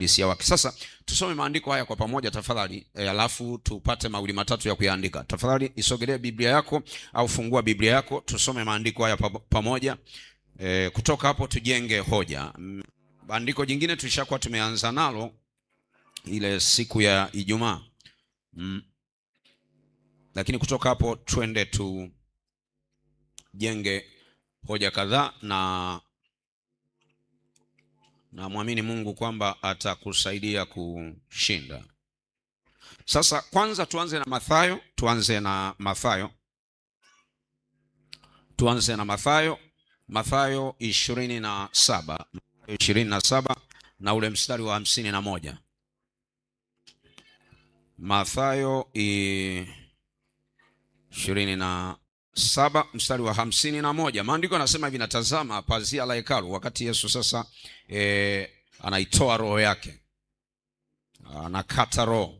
uhalisia wake. Sasa tusome maandiko haya kwa pamoja tafadhali, e, alafu tupate mawili matatu ya kuyaandika. Tafadhali isogelee Biblia yako au fungua Biblia yako, tusome maandiko haya pamoja e, kutoka hapo tujenge hoja. Andiko jingine tulishakuwa tumeanza nalo ile siku ya Ijumaa mm. Lakini kutoka hapo twende tujenge hoja kadhaa na namwamini Mungu kwamba atakusaidia kushinda. Sasa kwanza tuanze na Mathayo, tuanze na Mathayo, tuanze na Mathayo, Mathayo ishirini na saba ishirini na saba na ule mstari wa hamsini na moja Mathayo ishirini na saba mstari wa hamsini na moja maandiko anasema hivi, natazama pazia la hekalu, wakati Yesu sasa e, anaitoa roho yake, anakata roho.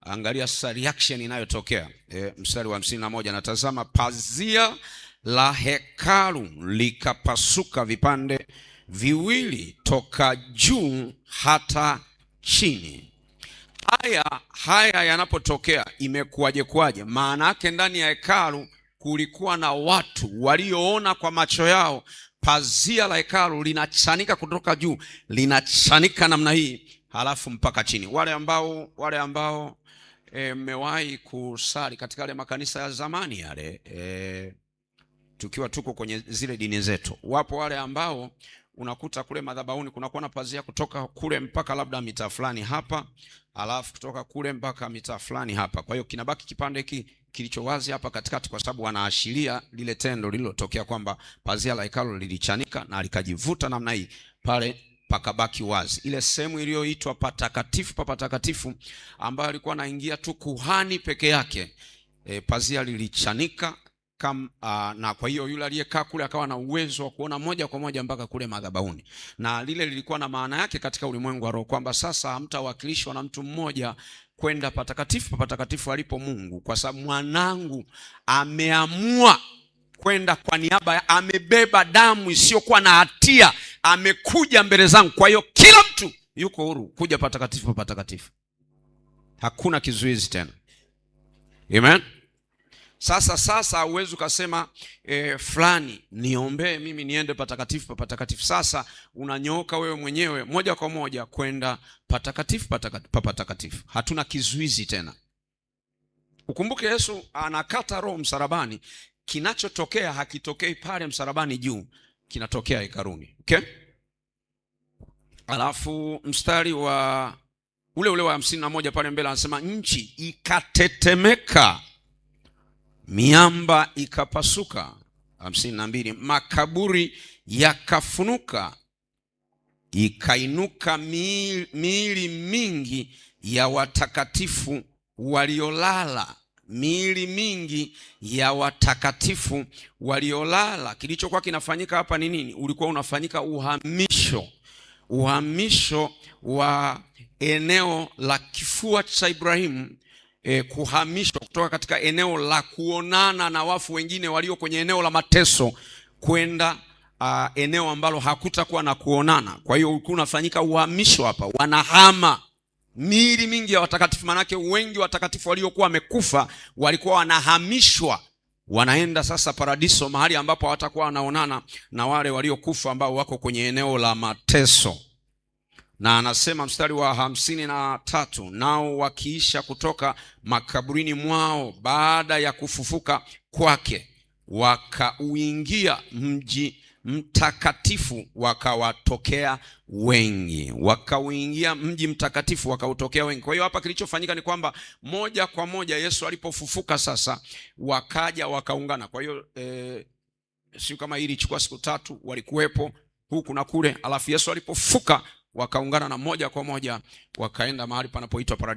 Angalia sasa reaction inayotokea e, mstari wa hamsini na moja natazama pazia la hekalu likapasuka vipande viwili toka juu hata chini. Haya haya yanapotokea, imekuwaje kwaje? Maana yake ndani ya hekalu kulikuwa na watu walioona kwa macho yao pazia la hekalu linachanika kutoka juu, linachanika namna hii halafu mpaka chini. Wale ambao wale ambao e, mmewahi e, kusali katika yale makanisa ya zamani yale e, tukiwa tuko kwenye zile dini zetu, wapo wale ambao unakuta kule madhabauni kunakuwa na pazia kutoka kule mpaka labda mita fulani hapa, alafu kutoka kule mpaka mita fulani hapa. Kwa hiyo kinabaki kipande hiki kilicho wazi hapa katikati, kwa sababu wanaashiria lile tendo lililotokea kwamba pazia la hekalu lilichanika na likajivuta namna hii, pale pakabaki wazi. Ile sehemu iliyoitwa patakatifu pa patakatifu, ambayo alikuwa anaingia tu kuhani peke yake, e, pazia lilichanika Kam, uh, na kwa hiyo yule aliyekaa kule akawa na uwezo wa kuona moja kwa moja mpaka kule madhabahuni, na lile lilikuwa na maana yake katika ulimwengu wa roho kwamba sasa hamtawakilishwa na mtu mmoja kwenda patakatifu, patakatifu alipo Mungu, kwa sababu mwanangu ameamua kwenda kwa niaba, amebeba damu isiyokuwa na hatia, amekuja mbele zangu. Kwa hiyo kila mtu yuko huru kuja patakatifu, patakatifu, hakuna kizuizi tena. Amen. Sasa sasa huwezi ukasema e, fulani niombee mimi niende patakatifu papatakatifu. Sasa unanyooka wewe mwenyewe moja kwa moja kwenda patakatifu papatakatifu. Hatuna kizuizi tena. Ukumbuke Yesu anakata roho msarabani Kinachotokea hakitokei pale msarabani juu, kinatokea hekaruni. Okay? Alafu mstari wa ule ule wa hamsini na moja pale mbele anasema nchi ikatetemeka miamba ikapasuka. hamsini na mbili makaburi yakafunuka, ikainuka miili mingi ya watakatifu waliolala miili mingi ya watakatifu waliolala. Kilichokuwa kinafanyika hapa ni nini? Ulikuwa unafanyika uhamisho, uhamisho wa eneo la kifua cha Ibrahimu eh, kuhamishwa kutoka katika eneo la kuonana na wafu wengine walio kwenye eneo la mateso kwenda uh, eneo ambalo hakutakuwa na kuonana. Kwa hiyo ulikuwa unafanyika uhamisho hapa, wanahama miili mingi ya watakatifu, manake wengi watakatifu waliokuwa wamekufa walikuwa wanahamishwa wanaenda sasa paradiso, mahali ambapo hawatakuwa wanaonana na wale waliokufa ambao wako kwenye eneo la mateso na anasema mstari wa hamsini na tatu nao wakiisha kutoka makaburini mwao baada ya kufufuka kwake wakauingia mji mtakatifu wakawatokea wengi, wakauingia mji mtakatifu wakautokea wengi. Kwa hiyo hapa kilichofanyika ni kwamba moja kwa moja Yesu alipofufuka sasa wakaja wakaungana. Kwa hiyo eh, siu kama hii ilichukua siku tatu, walikuwepo huku na kule, alafu Yesu alipofuka wakaungana na moja kwa moja wakaenda mahali panapoitwa paradiso.